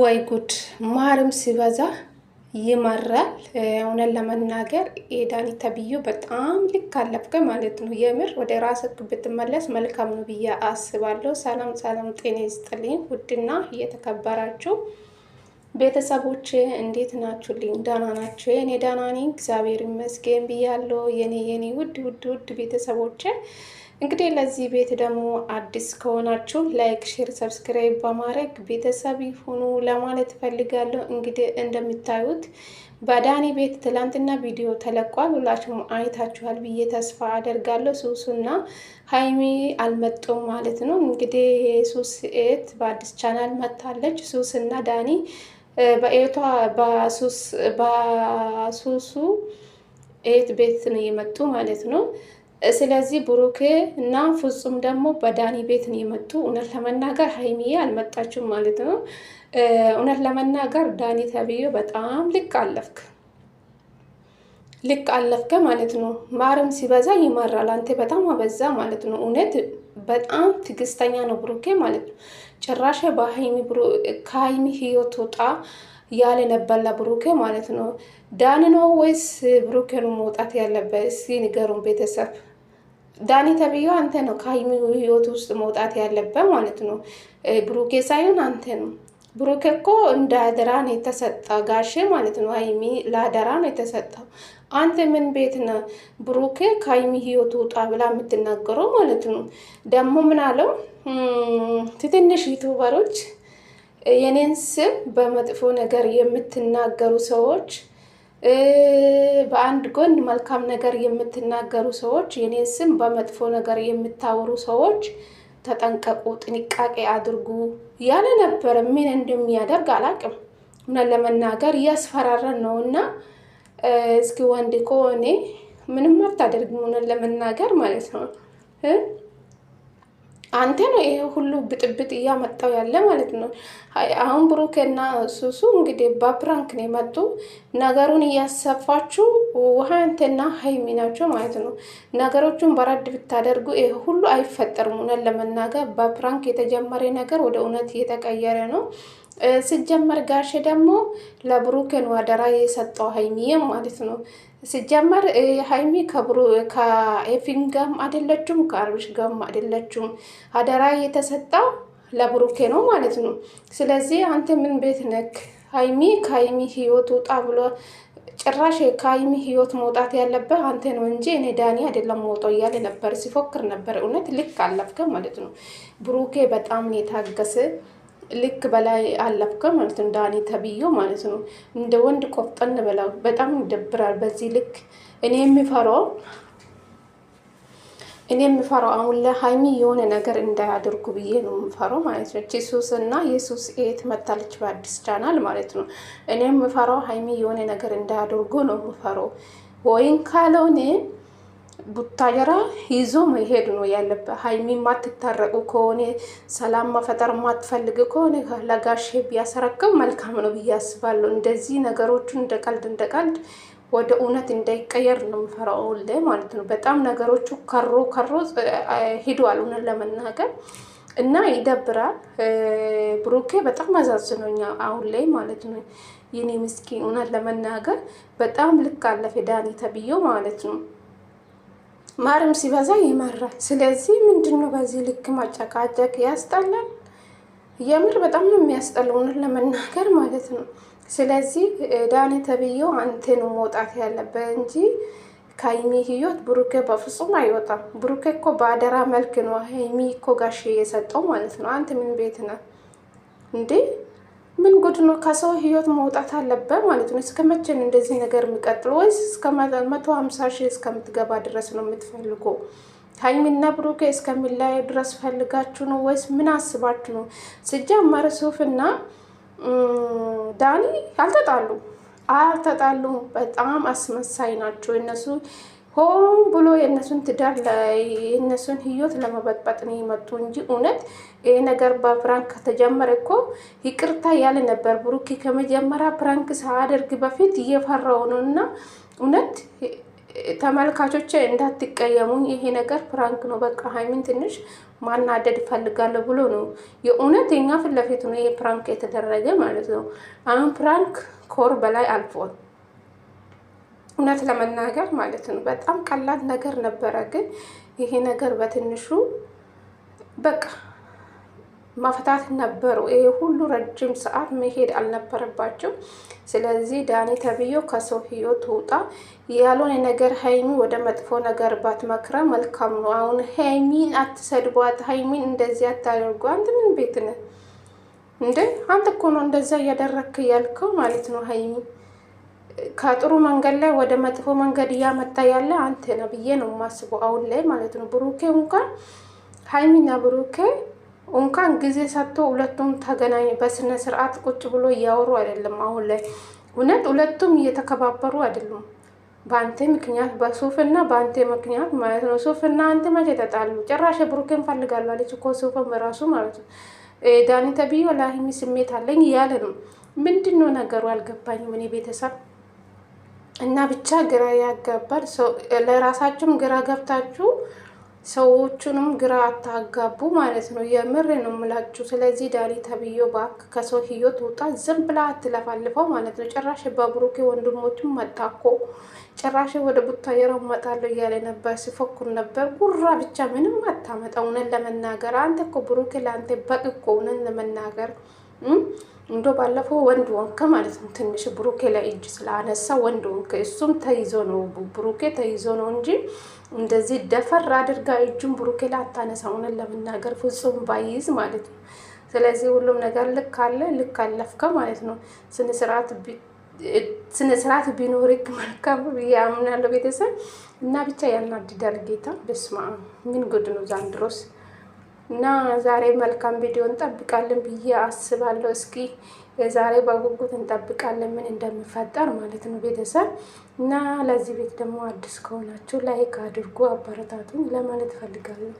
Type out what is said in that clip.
ወይ ጉድ! ማርም ሲበዛ ይመራል። እውነት ለመናገር የዳኒ ተብዬው በጣም ልክ አለፍከ ማለት ነው። የምር ወደ ራስህ ብትመለስ መልካም ነው ብዬ አስባለሁ። ሰላም ሰላም፣ ጤና ይስጥልኝ ውድና እየተከበራችሁ ቤተሰቦች እንዴት ናችሁልኝ? ደህና ናችሁ? የኔ ደህና ነኝ እግዚአብሔር ይመስገን ብያለሁ። የኔ የኔ ውድ ውድ ውድ ቤተሰቦች እንግዲህ ለዚህ ቤት ደግሞ አዲስ ከሆናችሁ ላይክ፣ ሼር፣ ሰብስክራይብ በማድረግ ቤተሰብ ይሁኑ ለማለት ፈልጋለሁ። እንግዲህ እንደምታዩት በዳኒ ቤት ትላንትና ቪዲዮ ተለቋል። ሁላችሁም አይታችኋል ብዬ ተስፋ አደርጋለሁ። ሱሱና ሀይሚ አልመጡም ማለት ነው። እንግዲህ የሱስ ኤት በአዲስ ቻናል መታለች። ሱስና ዳኒ በኤቷ በሱሱ ኤት ቤት ነው የመጡ ማለት ነው። ስለዚህ ብሩኬ እና ፍጹም ደግሞ በዳኒ ቤት ነው የመጡ። እውነት ለመናገር ሀይሚዬ አልመጣችሁም ማለት ነው። እውነት ለመናገር ዳኒ ተብዬ በጣም ልክ አለፍክ፣ ልክ አለፍከ ማለት ነው። ማርም ሲበዛ ይመራል። አንተ በጣም አበዛ ማለት ነው። እውነት በጣም ትግስተኛ ነው ብሩኬ ማለት ነው። ጭራሽ በሀይሚ ከሀይሚ ህይወት ወጣ ያለ ነበር ለብሩኬ ማለት ነው። ዳኒ ነው ወይስ ብሩኬ ነው መውጣት ያለበት? እስኪ ንገሩን ቤተሰብ። ዳኒ ተብዬው አንተ ነው ከሀይሚ ህይወት ውስጥ መውጣት ያለበት ማለት ነው። ብሩኬ ሳይሆን አንተ ነው። ብሩኬ እኮ እንደ አደራ ነው የተሰጠ ጋሼ ማለት ነው። ሀይሚ ለአደራ ነው የተሰጠው። አንተ ምን ቤት ነ ብሩኬ ከሀይሚ ህይወት ውጣ ብላ የምትናገረው ማለት ነው። ደግሞ ምን አለው ትንንሽ ዩቱበሮች የኔን ስም በመጥፎ ነገር የምትናገሩ ሰዎች፣ በአንድ ጎን መልካም ነገር የምትናገሩ ሰዎች፣ የኔን ስም በመጥፎ ነገር የምታወሩ ሰዎች ተጠንቀቁ፣ ጥንቃቄ አድርጉ ያለ ነበር። ምን እንደሚያደርግ አላቅም። እውነት ለመናገር እያስፈራረን ነው እና እስኪ ወንድ ከሆኔ ምንም አታደርግም፣ እውነት ለመናገር ማለት ነው። አንተ ነው ይሄ ሁሉ ብጥብጥ እያመጣው ያለ ማለት ነው። አሁን ብሩክና ሱሱ እንግዲህ በፕራንክ ነው የመጡ ነገሩን እያሰፋችሁ ውሃ አንተና ሀይሚ ናቸው ማለት ነው። ነገሮቹን በረድ ብታደርጉ ይሄ ሁሉ አይፈጠርም። እውነት ለመናገር በፕራንክ የተጀመረ ነገር ወደ እውነት እየተቀየረ ነው። ስጀመር ጋሼ ደግሞ ለብሩክን አደራ የሰጠው ሀይሚ ማለት ነው። ስጀመር ሀይሚ ከኤፊን ጋም አይደለችም፣ ከአርብሽ ጋም አይደለችም። አደራ የተሰጠው ለብሩኬ ነው ማለት ነው። ስለዚህ አንተ ምን ቤት ነክ ሀይሚ ከሀይሚ ህይወት ውጣ ብሎ ጭራሽ ከሀይሚ ህይወት መውጣት ያለበት አንተ ነው እንጂ እኔ ዳኒ አይደለም መውጦ እያለ ነበር ሲፎክር ነበር። እውነት ልክ አለፍከ ማለት ነው። ብሩኬ በጣም ነው የታገሰ ልክ በላይ አለፍከ ማለት ነው። ዳኒ ተብዬው ማለት ነው እንደ ወንድ ቆፍጠን በላው። በጣም ይደብራል። በዚህ ልክ እኔ የሚፈራው እኔ የምፈራው አሁን ለሀይሚ የሆነ ነገር እንዳያደርጉ ብዬ ነው የምፈራው ማለት ነው። ሱስ እና የሱስ ኤት መታለች በአዲስ ቻናል ማለት ነው። እኔ የምፈራው ሀይሚ የሆነ ነገር እንዳያደርጉ ነው የምፈራው ወይም ካልሆነ ቡታጀራ ይዞ መሄድ ነው ያለበት። ሀይሚ ማትታረቁ ከሆነ ሰላም መፈጠር ማትፈልግ ከሆነ ለጋሼ ቢያስረክብ መልካም ነው ብዬ አስባለሁ። እንደዚህ ነገሮቹን እንደ ቀልድ እንደ ቀልድ ወደ እውነት እንዳይቀየር ነው የምፈራው ማለት ነው። በጣም ነገሮቹ ከሮ ከሮ ሂዷል እውነት ለመናገር እና ይደብራል። ብሩኬ በጣም አዛዝኖኛል አሁን ላይ ማለት ነው። የኔ ምስኪን እውነት ለመናገር በጣም ልክ አለፈ ዳኒ ተብዬው ማለት ነው። ማርም ሲበዛ ይመራል። ስለዚህ ምንድን ነው በዚህ ልክ ማጨቃጨቅ ያስጠላል። የምር በጣም ነው የሚያስጠላውን ለመናገር ማለት ነው። ስለዚህ ዳኔ ተብዬው አንተ ነው መውጣት ያለበት እንጂ ከሀይሚ ህይወት ብሩኬ በፍጹም አይወጣም። ብሩኬ እኮ በአደራ መልክ ነው ሀይሚ እኮ ጋሽ የሰጠው ማለት ነው። አንተ ምን ቤት ነህ እንዴ? ጉድ ነው። ከሰው ህይወት መውጣት አለበ ማለት ነው። እስከ መቼ ነው እንደዚህ ነገር የሚቀጥሉ? ወይስ እስከ መቶ ሀምሳ ሺህ እስከምትገባ ድረስ ነው የምትፈልጉ? ሀይሚና ብሩኬ እስከሚለያዩ ድረስ ፈልጋችሁ ነው ወይስ ምን አስባችሁ ነው? ሲጀመር ሱፍና ዳኒ አልተጣሉ አልተጣሉ። በጣም አስመሳይ ናቸው እነሱ ሆን ብሎ የእነሱን ትዳር የእነሱን ህይወት ለመበጥበጥ ነው የመጡ እንጂ እውነት ይህ ነገር በፕራንክ ከተጀመረ እኮ ይቅርታ ያለ ነበር። ብሩኬ ከመጀመሪያ ፕራንክ ሳያደርግ በፊት እየፈራው ነው እና እውነት ተመልካቾች እንዳትቀየሙ፣ ይሄ ነገር ፕራንክ ነው፣ በቃ ሀይሚን ትንሽ ማናደድ እፈልጋለሁ ብሎ ነው የእውነት የኛ ፊት ለፊት ነው ይሄ ፕራንክ የተደረገ ማለት ነው። አሁን ፕራንክ ኮር በላይ አልፏል። እውነት ለመናገር ማለት ነው በጣም ቀላል ነገር ነበረ። ግን ይሄ ነገር በትንሹ በቃ መፍታት ነበሩ። ይሄ ሁሉ ረጅም ሰዓት መሄድ አልነበረባቸው። ስለዚህ ዳኒ ተብዮ ከሰው ህይወት ውጣ። ያሉን የነገር ሀይሚ ወደ መጥፎ ነገር ባትመክረ መልካም ነው። አሁን ሀይሚን አትሰድቧት፣ ሀይሚን እንደዚህ አታደርጉ። አንተ ምን ቤት ነህ እንዴ? አንተ እኮ ነው እንደዛ እያደረክ ያልከው ማለት ነው ሀይሚን ከጥሩ መንገድ ላይ ወደ መጥፎ መንገድ እያመጣ ያለ አንተ ነው ብዬ ነው የማስበው አሁን ላይ ማለት ነው። ብሩኬ እንኳን ሀይሚና ብሩኬ እንኳን ጊዜ ሰጥቶ ሁለቱም ተገናኝ በስነ ስርዓት ቁጭ ብሎ እያወሩ አይደለም አሁን ላይ እውነት ሁለቱም እየተከባበሩ አይደሉም። በአንተ ምክንያት በሱፍና በአንተ ምክንያት ማለት ነው። ሱፍና አንተ መቼ ተጣሉ? ጭራሽ ብሩኬ ፈልጋለሁ አለች እኮ ሱፍም ራሱ ማለት ነው። ዳኒ ተብዬ ለሀይሚ ስሜት አለኝ እያለ ነው። ምንድን ነው ነገሩ? አልገባኝም እኔ ቤተሰብ እና ብቻ ግራ ያጋባል። ለራሳችሁም ግራ ገብታችሁ ሰዎቹንም ግራ አታጋቡ ማለት ነው። የምር ነው ምላችሁ ስለዚህ ዳኒ ተብዬው እባክህ ከሰው ህይወት ውጣ፣ ዝም ብላ አትለፋልፈው ማለት ነው። ጭራሽ በብሩኬ ወንድሞቹም መጣኮ ጭራሽ ወደ ቡታየራ እመጣለሁ እያለ ነበር፣ ሲፎክር ነበር። ጉራ ብቻ ምንም አታመጣ። እውነት ለመናገር አንተ እኮ ብሩኬ ለአንተ በቅ እኮ እውነት ለመናገር እንዶ ባለፈው ወንድ ወንከ ማለት ነው። ትንሽ ብሩኬ ላይ እጅ ስላነሳ ወንድ ወንከ፣ እሱም ተይዞ ነው ብሩኬ ተይዞ ነው እንጂ እንደዚህ ደፈር አድርጋ እጁን ብሩኬ ላይ አታነሳ። ሆነን ለመናገር ፍጹም ባይዝ ማለት ነው። ስለዚህ ሁሉም ነገር ልክ አለ ልክ አለፍከ ማለት ነው። ስነስርዓት ስነስርዓት ቢኖርክ መልካም ያምናለው ቤተሰብ እና ብቻ ያናድዳል ጌታ። በስማ ምን ጉድ ነው ዛንድሮስ እና ዛሬ መልካም ቪዲዮ እንጠብቃለን ብዬ አስባለሁ። እስኪ ዛሬ በጉጉት እንጠብቃለን ምን እንደሚፈጠር ማለት ነው ቤተሰብ። እና ለዚህ ቤት ደግሞ አዲስ ከሆናችሁ ላይክ አድርጉ፣ አበረታቱን ለማለት እፈልጋለሁ።